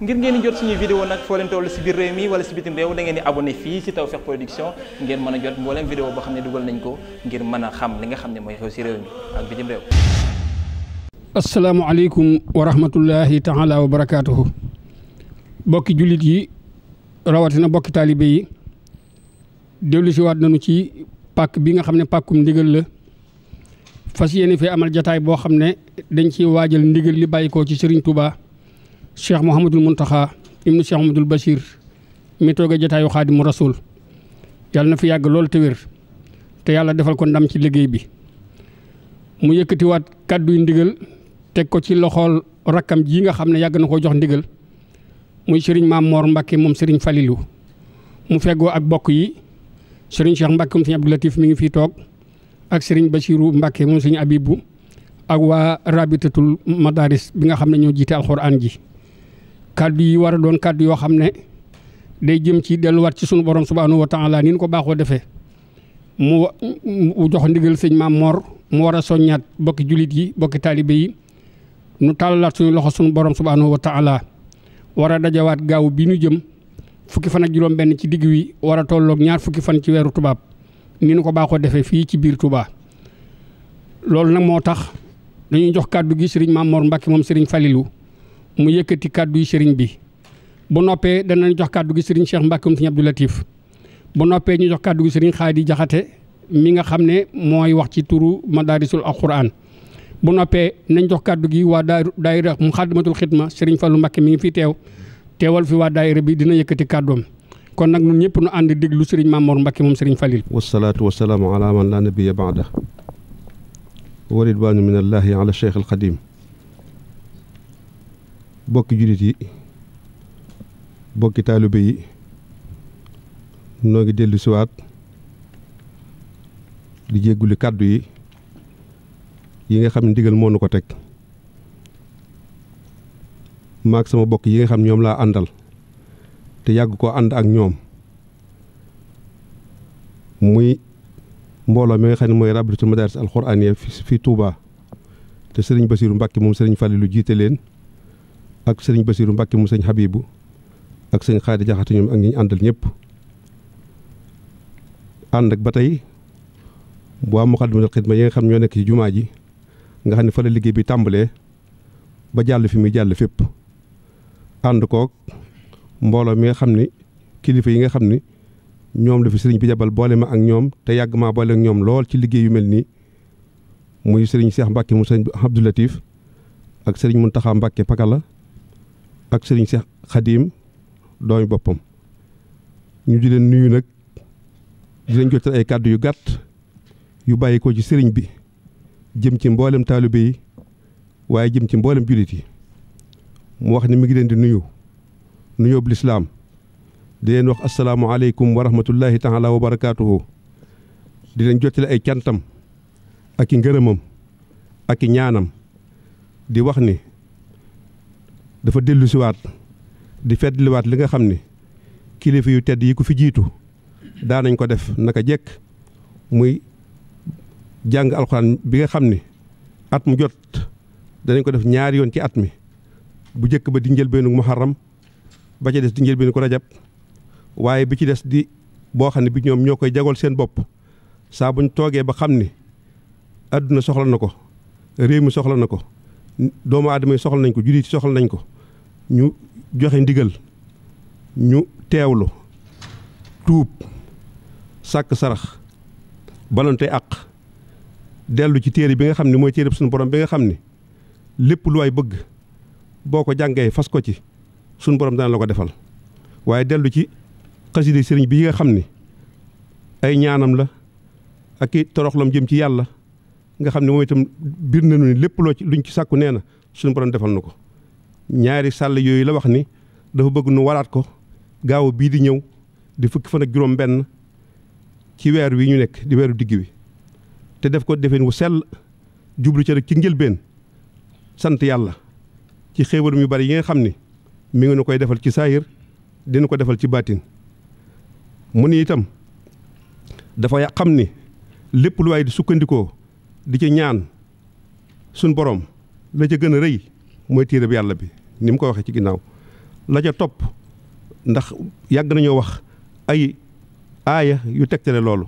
ngir ngeen di jot suñuy vidéo nag foo leen toll si biir réew mi wala si bitim réew da ngeen di abonné fii si ngeen mën a jot mbooleem vidéo boo xam ne dugal nañ ko ngir mën a xam li nga xam ne mooy xew si réew mi ak bitim réew asalaamaaleykum wa rahmatullahi taala wa bokki jullit yi rawatina bokki taalibe yi dellu si waat nañu ci pàkk bi nga xam ne pàkkum ndigal la fas yéene fi amal jataay boo xam ne dañ ciy waajal ndigal li bàyyi koo ci Serigne tubaa cheikh Mouhamadul Mountakha ibnu cheikh Mouhamadul Bachir mi toog a jotaayu xaadimu rasul yàlla na fi yàgg loolu te te yàlla defal ko ndam ci liggéey bi mu yëkkatiwaat kàddu yu ndigal teg ko ci loxool rakkam ji nga xam ne yàgg na koo jox ndigal muy sëriñ maam moor Mbacke moom sëriñ Falilou mu fegoo ak bokk yi sëriñ Cheikh Mbacke moom sëriñ Abdou Latif mi ngi fi toog ak sëriñ Bachirou Mbacke moom sëriñ Abibou ak waa rabitatul madaris bi nga xam ne ñoo jiite alxuraan ji. kàddu yi war a doon kàddu yoo xam ne day jëm ci delluwaat ci sunu borom subaanu wa taala ni ñu ko baaxoo defe mu jox ndigal sëñ maam Mor mu war a soññaat bokki jullit yi bokki taalibe yi nu tàllalaat suñu loxo sunu borom subhaanahu wa taala war a dajawaat gaaw bii ñu jëm fukki fan ak juróom-benn ci digg wi war a tolloog ñaar fukki fan ci weeru tubaab ni ñu ko baaxoo defee fii ci biir Touba loolu nag moo tax dañuy jox kàddu gi sëriñ maam Mor moom sëriñ Falilou. mu yëkkati kàddu yi sëriñ bi bu noppee danañ jox kàddu gi sëriñ Cheikh Mbacke Sëriñ Abdou Latif bu noppee ñu jox kàddu gi sëriñ di Jaxate mi nga xam ne mooy wax ci turu madaarisul alquran bu noppee nañ jox kàddu gi waa daa daayira mu xaddamatul xidma sëriñ Fallou Mbacke mi ngi fi teew teewal fi waa daayira bi dina yëkkati kàddoom kon nag ñun ñëpp nu ànd déglu sëriñ Mamour Mbacke moom sëriñ Falil. wasalaatu wasalaamu ala man laa nabiya baada wa ridwaanu bokki jullit yi bokki taalibe yi noo ngi dellu siwaat di jégguli kàddu yi yi nga xam ne ndigal moo nu ko teg maag sama bokk yi nga xam ñoom laa àndal te yàgg koo ànd ak ñoom muy mbooloo mi nga xam ne mooy rabitul madaris alxuraaniya fi Touba te sëriñ Basiru Mbàkke moom sëriñ lu jiite leen ak sëriñ Basiiru Mbàkke mu sëñ Habibu ak sëñ Xaadi Jaxate ak ñi ñu àndal ñëpp ànd ak ba tey boo waa Muxaddamatul Xidma yi nga xam ñoo nekk ci jumaa ji nga xam ne fa la liggéey bi tàmbalee ba jàll fi muy jàll fépp ànd koog mbooloo mi nga xam ni kilifa yi nga xam ni ñoom la fi sëriñ bi jabal boole ma ak ñoom te yàgg maa boole ak ñoom lool ci liggéey yu mel nii muy sëriñ Cheikh Mbacke mu sëriñ Abdou Latif ak sëriñ Mountakha Mbacke Pakala ak sëriñ Cheikh Khadim doomi boppam ñu di leen nuyu nag di leen jotal ay kàddu yu gàtt yu bàyyi ko ci sëriñ bi jëm ci mboolem taalibe yi waaye jëm ci mboolem jullit yi mu wax ni mi ngi leen di nuyu nuyoob lislaam di leen wax asalaamualeykum wa rahmatullahi taala wa barakaatuhu di leen jottale ay cantam ak i ngërëmam ak i ñaanam di wax ni dafa dellusiwaat di feddliwaat li nga xam ni kilifa yu tedd yi ku fi jiitu daanañ ko def na naka jekk muy jàng alxuraan bi nga xam ni at mu jot danañ ko def ñaari yoon ci at mi bu njëkk ba di njëlbeenu muharram ba ci des di njëlbeenu ko rajab waaye bi ci des di boo xam ne bi ñoom ñoo koy jagool seen bopp saa buñ toogee ba xam ni àdduna soxla na ko réew mi soxla na ko doomu aadama yi soxal nañ ko jullit yi soxla nañ ko ñu joxe ndigal ñu teewlu tuub sàkk sarax balonte àq dellu ci téere bi nga xam ne mooy téere suñu borom bi nga xam ni lépp lu waay bëgg boo ko jàngee fas ko ci suñu borom dana la ko defal waaye dellu ci xasida sëriñ bi yi nga xam ni ay ñaanam la ak i toroxlam jëm ci yàlla nga xam ne moom itam biir nañu ni lépp loo ci luñ ci sàkku nee na suñu borom defal na ko ñaari sàll yooyu la wax ni dafa bëgg nu waraat ko gaaw bii di ñëw di fukki fa ak juróom benn ci weer wi ñu nekk di weeru digg wi te def ko defeen wu sell jublu ci rek ci njëlbeen sant yàlla ci xéewaram yu bari yi nga xam ni mi ngi nu koy defal ci saahir dina ko defal ci baatin mu ni itam dafa xam ni lépp lu waay di sukkandikoo di ci ñaan suñ boroom la ca gën a rëy mooy téere bi yàlla bi ni mu ko waxee ci ginnaaw la ca topp ndax yàgg nañoo wax ay aaya yu tegtale loolu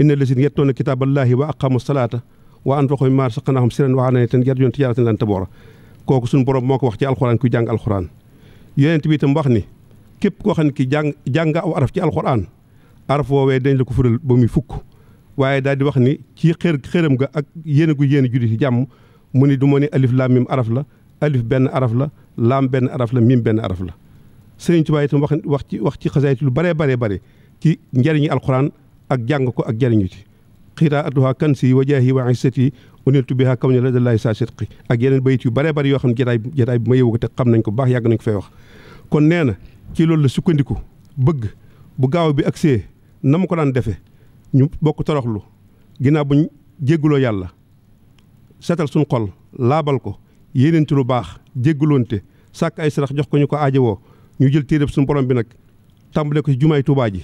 inna lazina yettoona kitaaballahi wa aqamu salaata wa anfaqu mimmaa razaqnaahum sirran wa alaaniyatan yarjuuna tijaaratan lan tabuura kooku suñu borom moo ko wax ci alxuraan kuy jàng alxuraan yonent bi itam wax ni képp koo xam ne ki jàng jàng araf ci alxuraan araf woowee dañ la ko ba muy fukk waaye daal di wax ni ci xër xëram ga ak yéen gu yéen julli ci jàmm mu ni du ma ni alif laam mim araf la alif benn araf la laam benn araf la mim benn araf la sëriñ Tuubaa itam wax wax ci wax ci xasaayit lu baree baree bare ci njariñu alxuraan ak jàng ko ak jariñu ci xiraatuha kan si wa jaahi wa isati uniltu biha kaw ne la dallaahi saa sidqi ak yeneen bayit yu baree bari yoo xam ne jataay jataay bi ma yëwu ko te xam nañ ko baax yàgg nañ ko fay wax kon nee na ci loolu la sukkandiku bëgg bu gaaw bi ak see na ma ko daan defee ñu bokk toroxlu ginnaaw buñ jégguloo yàlla setal suñ xol laabal ko yéenente lu baax jéggaloonte sàkk ay sarax jox ko ñu ko aajowoo ñu jël téeréb suñu borom bi nag tàmbale ko ci jumaay Tuubaa ji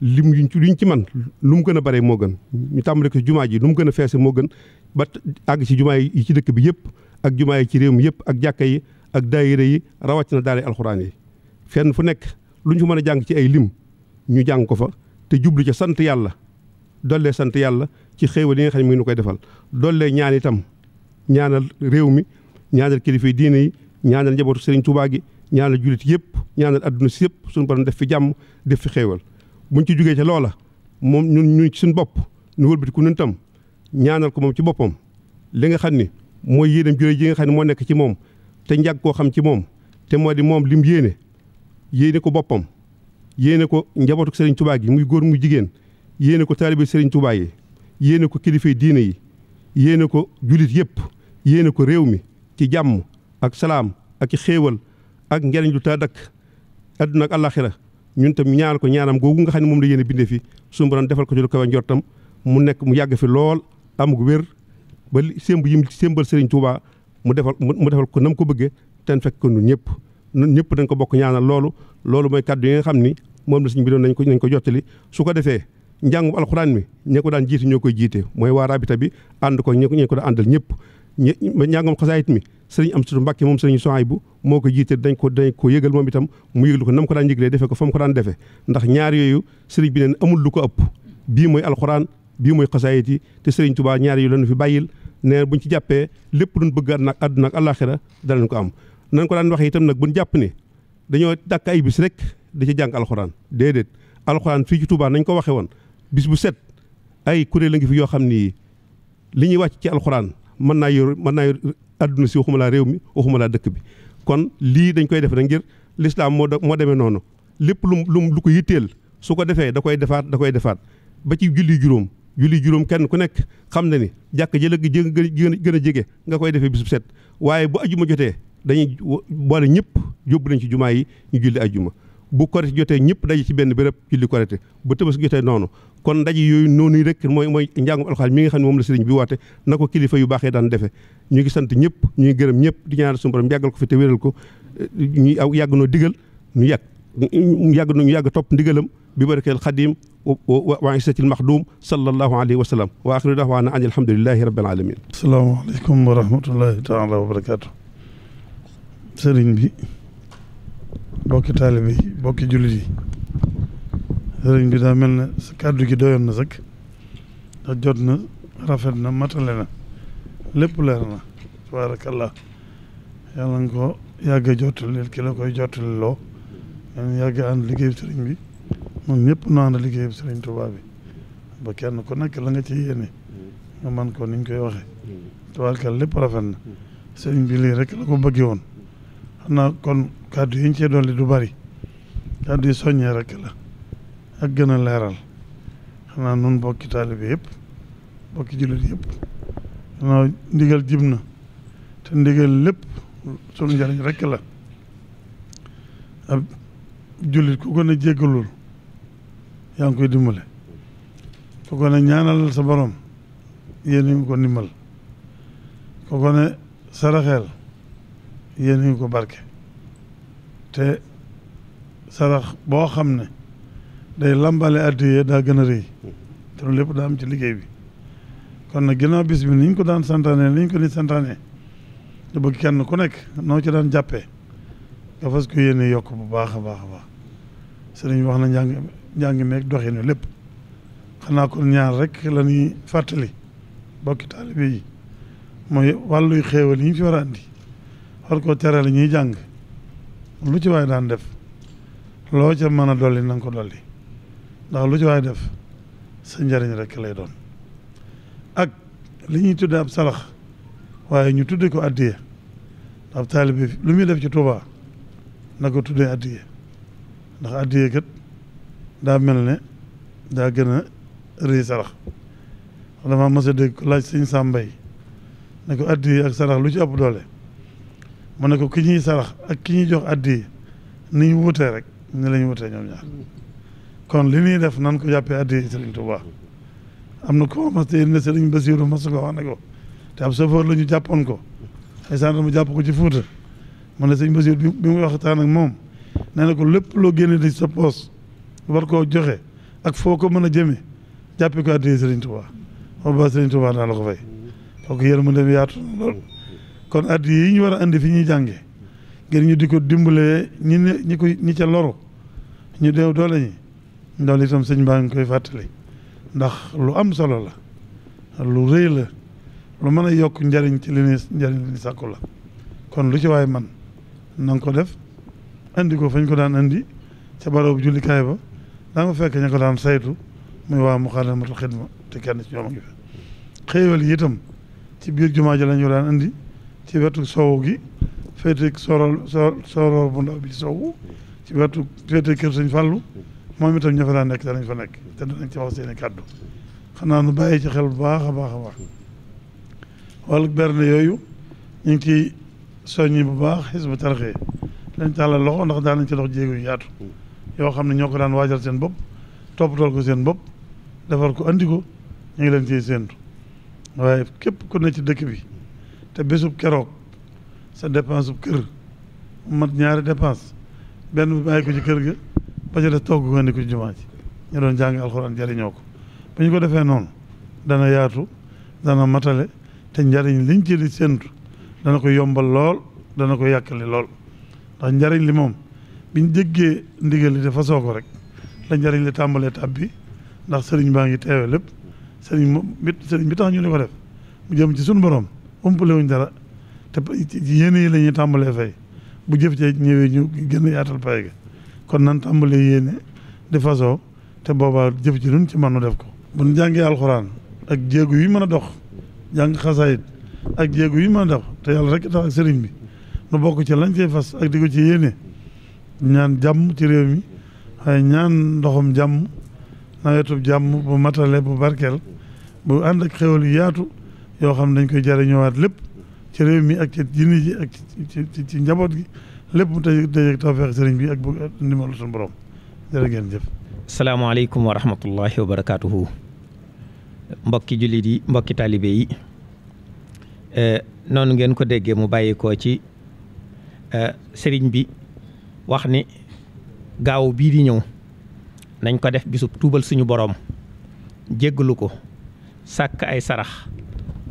lim yuñ ci luñ ci man lu mu gën a bare moo gën ñu tàmbale ko ci jumaa ji lu mu gën a feese moo gën bat àgg ci jumaa yi ci dëkk bi yëpp ak jumaa yi ci réew mi yëpp ak jàkka yi ak daayira yi rawatina daara alxuraan yi fenn fu nekk lu ñu mën a jàng ci ay lim ñu jàng ko fa te jublu ca sant yàlla dollee sant yàlla ci xéewal yi nga xam ne ngi nu koy defal dollee ñaan itam ñaanal réew mi ñaanal kilifa yi diine yi ñaanal njabootu Serigne Touba gi ñaanal jullit yëpp ñaanal adduna si yëpp suñu borom def fi jàmm def fi xéewal buñ ci jugee ca loola moom ñun ñun ci suñu bopp ñu ku ñun tam ñaanal ko moom ci boppam li nga xam ni mooy yéenam juré ji nga xam ne moo nekk ci moom te njàgg koo xam ci moom te moo di moom lim yéene yéene ko boppam yéene ko njabootu Serigne Touba gi muy góor muy jigéen yéene ko taalibe Serigne Touba yi yéene ko kilifay diine yi yéene ko julit yëpp yéene ko réew mi ci jàmm ak salaam ak ci xéewal ak njariñ lu taa dakk adduna ak àllaaxira ñun tam ñaan ko ñaanam googu nga xam ne moom la yéene bindee fi suñu defal ko ci lu kawe njortam mu nekk mu yàgg fi lool amug wér ba sémb yim sémbal Serigne Touba mu defal mu defal ko nam ko bëggee ten fekk ko ñun ñëpp ñun ñëpp dañ ko bokk ñaanal loolu loolu mooy kàddu yi nga xam ni moom la suñu bi doon nañ ko nañ ko jottali su ko defee njàngum alxuraan mi ña ko daan jiite ñoo koy jiite mooy waa rabita bi ànd ko ñe ko daan àndal ñëpp ña njàngum xasaayit mi sëriñ Amsatu Mbàkke moom sëriñ Sohaay bu moo ko jiite dañ ko dañ ko yëgal moom itam mu yëglu ko nam ko daan yëglee defe ko fa mu ko daan defe ndax ñaar sëriñ bi neen amul lu ko ëpp bii mooy alxuraan bii mooy xasaayit yi te sëriñ tubaa ñaar yu leen fi bàyyil nee buñ ci jàppee lépp luñ bëgg nag àdduna ak danañ ko am nañ ko daan waxee itam nag buñ jàpp ne dañoo dàkk ay bis rek di ci jàng alxuraan déedéet fii ci Tuubaa nañ ko waxe woon bis bu set ay kuréel a ngi fi yoo xam ni li ñuy wàcc ci alxuraan mën naa yor mën naa yor adduna si waxuma réew mi waxuma laa dëkk bi kon lii dañ koy def rek ngir lislaam moo moo demee noonu lépp lu lu lu ko yitteel su ko defee da koy defaat da koy defaat ba ci julli juróom julli juróom kenn ku nekk xam ne ni jàkk jëlëg gi gën gën a jege nga koy defee bisub set waaye bu ajuma jotee dañu boole ñëpp yóbbu nañ ci jumaa yi ñu julli ajuma bu korite jotee ñëpp daje ci benn béréb julli korite bu tabaski jotee noonu kon ndaje yooyu noonu rek mooy mooy njàngum alxaal mi nga xam ne moom la sëriñ bi woote na ko kilifa yu baaxee daan defee ñu ngi sant ñëpp ñu ngi gërëm ñëpp di ñaanal suñu borom yàggal ko fi te wéral ko ñu aw yàgg noo digal ñu yàgg ñu yàgg ñu yàgg topp ndigalam bi barakeel xadim waa isatil maxdum sallallahu alayhi wa sallam wa axiru dahwaana an alhamdulilahi rabbil alamin asalaamaaleykum wa rahmatullahi taala wa barakatu sëriñ bi bokki taalibe yi bokki jullit yi sëriñ bi daa mel na kàddu gi doyoon na sëkk ndax jot na rafet na matale na lépp leer na tabarakallah yàlla ko yàgg a jottali ki la koy jottali loo yàlla yàgg ànd liggéeyu sëriñ bi moom ñëpp nu ànd liggéeyu sëriñ Tuubaa bi ba kenn ko nekk la nga ci yéene nga man ko niñ koy waxee mm. tabarakallah lépp rafet na sëriñ bi rek la ko bëggee woon xam naa kon kàddu yi ñu cee dolli du bari kàddu yi soññee rek la ak gën a leeral xam naa nun bokki taalibe yëpp bokki jullit yëpp xanaa ndigal jib na te ndigal lépp sunu njëriñ rek la ab jullit ku gën a jéggalul yaa ngi koy dimbale ku ko ne ñaanalal sa borom yéen ñu ko ndimbal ku ko ne saraxeel yéen ñu ko barke te sarax boo xam ne day lambale addiye daa gën a rëy te loolu lépp daa am ci liggéey bi kon nag ginnaaw bis bi ni ñu ko daan santaane ni ñu ko ni santaane da bëgg kenn ku nekk noo ci daan jàppee nga fas ko yéene yokk bu baax a baax a baax sëriñ wax na njàng njàng meeg doxin wi lépp xanaa ko ñaar rek la fàttali bokki taalibe mooy wàlluy xéewal yi ñu fi war a andi war ko terale ñuy jàng lu ci waay daan def loo ca mën a dolli na nga ko dolli ndax lu ci waay def sa njëriñ rek lay doon ak li ñuy tudde ab sarax waaye ñu tudde ko addiye ab taalib lu muy def ci Tuubaa na ko tuddee addiye ndax addiye kat daa mel ne daa gën a rëy sarax dama mas a dégg ko laaj sëñ Sàmbay ne ko addiye ak sarax lu ci ëpp doole mu ne ko ki ñuy sarax ak ki ñuy jox addi ni ñu wutee rek ni la ñu wutee ñoom ñaar kon li ñuy def nan ko jàppee addi Serigne Touba am na ko mas te yéen ne Serigne Bassirou mas ko wax ne ko te ab chauffeur la ñu jàppoon ko ay mu jàpp ko ci Fuuta mu ne Serigne Bassirou bi mu waxtaan ak moom nee na ko lépp loo génne di sa poos war koo joxe ak foo ko mën a jëmee jàppee ko addi Serigne Touba boobu ba Serigne Touba naa la ko fay kooku yërmande bi yaatu loolu kon at yi ñu war a indi fi ñuy jànge ngir ñu di ko dimbalee ñi ne ñi ko ñi ca loru ñu deew doole ñi loolu itam sëñ baa ngi koy fàttali ndax lu am solo la lu rëy la lu mën a yokk njariñ ci li ni njariñ la kon lu ci waay man na ko def indi ko fañ ko daan indi ca barabu jullikaay ba daa nga fekk ña ko daan saytu muy waa Muxaddamatul Xidma te kenn ci ñoom a ngi fi xéewal yi ci biir jumaa ji lañu daan indi ci wetu sow gi féete sorol sorol bu ndaw bi ci sow ci wetu féete kër sëñ Fallou moom itam ña fa daan nekk danañ fa nekk te danañ ci wax seen i kàddu xanaa nu bàyyi ci xel bu baax a baax a baax wàllu berne yooyu ñu ngi ciy soññi bu baax Hizbut Tarqiyyah lañ tàllal loxo ndax daan nañ ci dox jéego yu yaatu yoo xam ne ñoo ko daan waajal seen bopp toppatoo ko seen bopp defar ko andi ko ñu ngi leen ciy séentu waaye képp ku ne ci dëkk bi te bésub keroog sa dépense bu kër mat ñaari dépense benn ba bàyyi ko ci kër ga ba ca des togg ko andi ko ci jumaa ji ñu doon jàng alxuraan jariñoo ko bu ñu ko defee noonu dana yaatu dana matale te njariñ liñ ci di séntu dana ko yombal lool dana ko yàkkale lool ndax njariñ li moom biñ jéggee ndigal li te fasoo ko rek la njariñ li tàmbalee tab bi ndax sëriñ baa ngi teewe lépp sëriñ moom bi sëriñ bi tax ñu di ko def mu jëm ci suñu borom umpale wuñ dara te yéene yi la ñuy tàmbalee fay bu jëf ci ñëwee ñu gën a yaatal pay ga kon nan tàmbalee yéene di fasoo te boobaa jëf ci luñ ci mën nu def ko buñ jàngee alxuraan ak jéegu yi mën a dox jàng xasaayit ak jéegu yi mën a dox te yàlla rek tax ak sëriñ bi nu bokk ci lañ cee fas ak di ko ci yéene ñaan jàmm ci réew mi waaye ñaan ndoxum jàmm nawetub jàmm bu matale bu barkeel bu ànd ak xéwal yaatu yoo xam ne dañ koy ñëwaat lépp ci bi mi ak ci njaboot gi lépp mu tey tey tawfeex salaamaaleykum wa rahmatullahi wa barakaatuhu mbokki jullit yi mbokki taalibe yi eh, noonu ngeen ko déggee mu bàyyikoo ci eh, sëriñ bi wax ni gaaw bii di ñëw nañ ko def bisub tuubal suñu boroom jéggalu ko sàkk ay sarax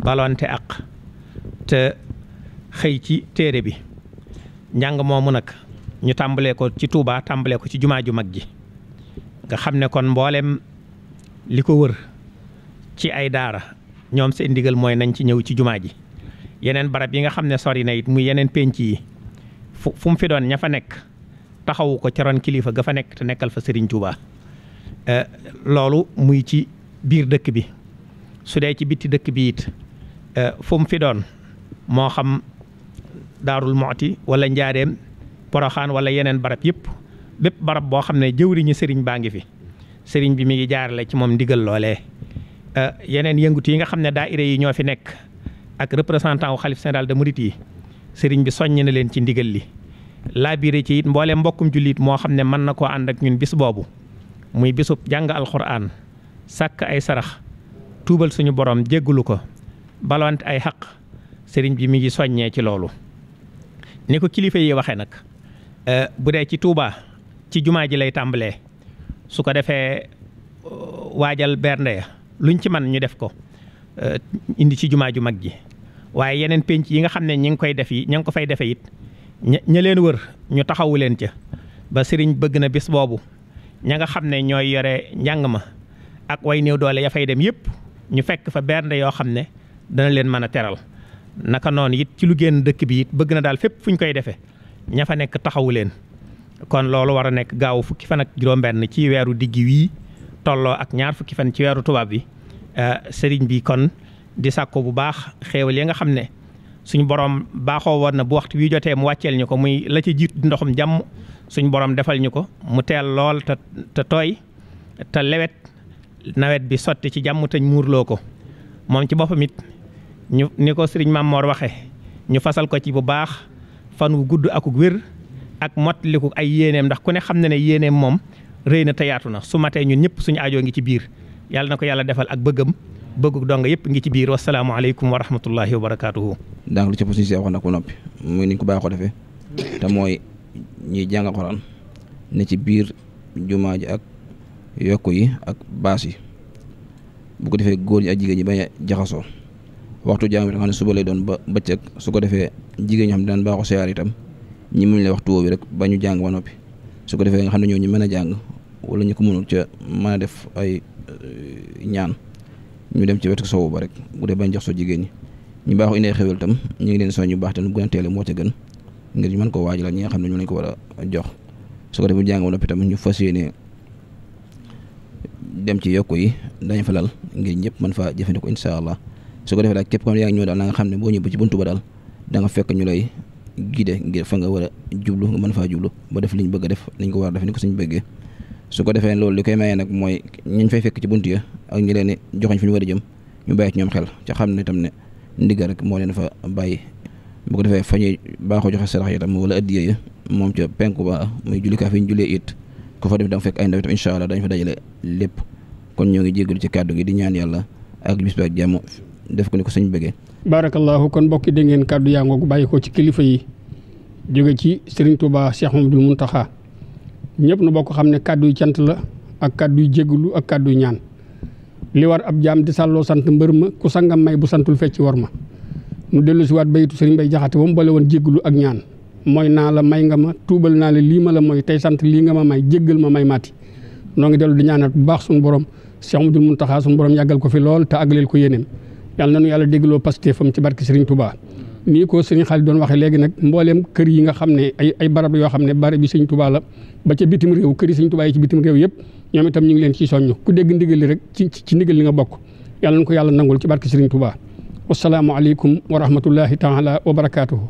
baloonte ak te xëy ci téere bi njàng moomu nag ñu tàmbalee ko ci tuubaa tàmbalee ko ci jumaa ju mag ji nga xam ne kon mbooleem li ko wër ci ay daara ñoom seen ndigal mooy nañ ci ñëw ci jumaa ji yeneen barab yi nga xam ne sori na it muy yeneen pénc yi fu fu fi doon ña fa nekk taxawu ko ceroon kilifa ga fa nekk te nekkal fa Serigne Touba eh, loolu muy ci biir dëkk bi su dee ci bitti dëkk bi it Euh, fu mu fi doon moo xam daarul mooti wala njaareem poroxaan wala yeneen barab yëpp bépp barab boo xam ne jëwriñu sëriñ baa ngi fi sëriñ bi mi ngi jaarale ci moom ndigal loole euh, yeneen yëngut yi nga xam ne daayira yi ñoo fi nekk ak représentant wu xalif général de murit yi sëriñ bi soññ na leen ci ndigal li laabiré ci it mboolee mbokkum jullit moo xam ne mën na koo ànd ak ñun bis boobu muy bisub jàng alxuraan sàkk ay sarax tuubal suñu borom jéggulu ko balwante ay xaq sëriñ bi mu ngi soññee ci loolu ni ko kilifa yi waxee nag euh, bu dee ci tuubaa ci jumaa ji lay tàmbalee su ko defee euh, waajal bernde ya luñ ci man ñu def ko euh, indi ci jumaa ju mag ji waaye yeneen penc yi nga xam ne ñi ngi koy def yi ña ngi ko fay defee it ña leen wër ñu taxawu leen ca ba sëriñ bëgg na bis boobu ña nga xam ne ñooy yore njàng ma ak way néew doole ya fay dem yëpp ñu fekk fa bernde yoo xam ne dana leen mën a teral naka noonu it ci lu génn dëkk bi it bëgg na daal fépp fu ñu koy defee ña fa nekk taxawu leen. kon loolu war a nekk gaaw fukki fan ak juróom-benn ci weeru digg wii tolloo ak ñaar fukki fan ci weeru tubaab bi eh, sëriñ bi kon di sàkko bu baax xéewal yi nga xam ne suñ borom baaxoo woon na bu waxtu wii jotee mu wàcceel ñu ko muy la ci jiit ndoxum jàmm suñ borom defal ñu ko mu teel lool te te tooy te lewet nawet bi sotti ci jàmm te muurloo ko moom ci boppam it ñu ni ko sëriñ Maam Moor waxe ñu fasal ko ci bu baax fan wu gudd akuk wér ak mottaliku ay yéeneem ndax ku ne xam na ne yéeneem moom rëy na te yaatu na su matee ñun ñëpp suñ ajoo ngi ci biir yàlla na ko yàlla defal ak bëggam bëggu dong yëpp ngi ci biir wasalaamaaleykum wa rahmatullahi wa barakaatuhu. donc lu ci suñu si ko noppi muy ni ñu ko defee te mooy ñuy jàng Alxuraan ne ci biir jumaa ji ak yokk yi ak baas yi bu ko defee góor ñi ak jigéen ñi bañ a jaxasoo. waxtu jaamu bi nga xam ne suba lay doon ba bëccëg su ko defee jigéen ñoo xam daan daan baaxu siyaar itam ñi muñ la waxtu woowu rek ba ñu jàng ba noppi su defee nga xam ne ñoo ñu mën a jàng wala ñu ko mënul ca mën a def ay euh, ñaan ñu dem ci wetu sowu ba rek bu dee bañ jox soo jigéen ñi ñu baax indee xewal tam ñu ngi leen soñ ñu baax te bu gën a teele moo ca gën ngir ñu mën ko waajal ak ñi nga xam ne ñu lañ ko war a jox su ko defee bu jàng ba noppi itam ñu fas yéene dem ci yokk yi dañ fa lal ngir ñëpp mën faa jëfandikoo incha allah su ko defee daal képp ko yaa ngi ñëw daal na nga xam ne boo ñëw ba ci buntu ba daal da fekk ñu lay ngir fa nga war jublu nga mën faa jublu ba def liñ bëgg a def liñ ko war def ni ko ñu bëggee su ko defee loolu li koy mayee nag mooy ñuñ fay fekk ci bunt ya ak ñi leen fi ñu war a jëm ñu bàyyi ñoom xel ca xam ne tam ne ndigal rek moo leen fa bàyyi bu ko defee fa ñuy baaxoo joxe sarax yi tam wala addiya yi moom ca penku ba muy jullikaay fi ñu jullee it ku fa def da nga fekk ay ndaw itam incha dañ fa lépp kon ñoo ngi jégalu ci kàddu gi di ñaan yàlla ak bis ba ak def ko ni ko suñ bëggee. barakallahu kon bokki yi ngeen kàddu yaa ngoogu bàyyi ko ci kilifa yi jóge ci Serigne Touba Cheikh Mamadou Mountakha ñëpp nu bokk xam ne kàddu yu cant la ak kàddu yu jégalu ak kàddu yu ñaan li war ab jaam di sàlloo sant mbër ma ku sangam may bu santul fecc war ma. nu dellu si waat bayitu Serigne Bay Jaxate ba mu boole woon jégalu ak ñaan mooy naa la may nga ma tuubal naa la lii ma la mooy tey sant lii nga ma may jéggal ma may maati noo ngi dellu di ñaanal bu baax suñu borom Cheikh Mamadou Mountakha suñu borom yàggal ko fi lool te àggaleel ko yéeneem yàlla nañu yàlla déggloo pasté fam ci barke Serigne Touba nii ko Serigne Khalil doon waxee léegi nag mbooleem kër yi nga xam ne ay ay barab yoo xam ne barab bi Serigne Touba la ba ca bitim réew kër yi Serigne Touba yi ci bitim réew yëpp ñoom itam ñu ngi leen ciy soññ ku dégg ndigal li rek ci ci ndigal li nga bokk yàlla na ko yàlla nangul ci barke Serigne Touba wasalaamualeykum wa rahmatullahi taala wa barakaatuhu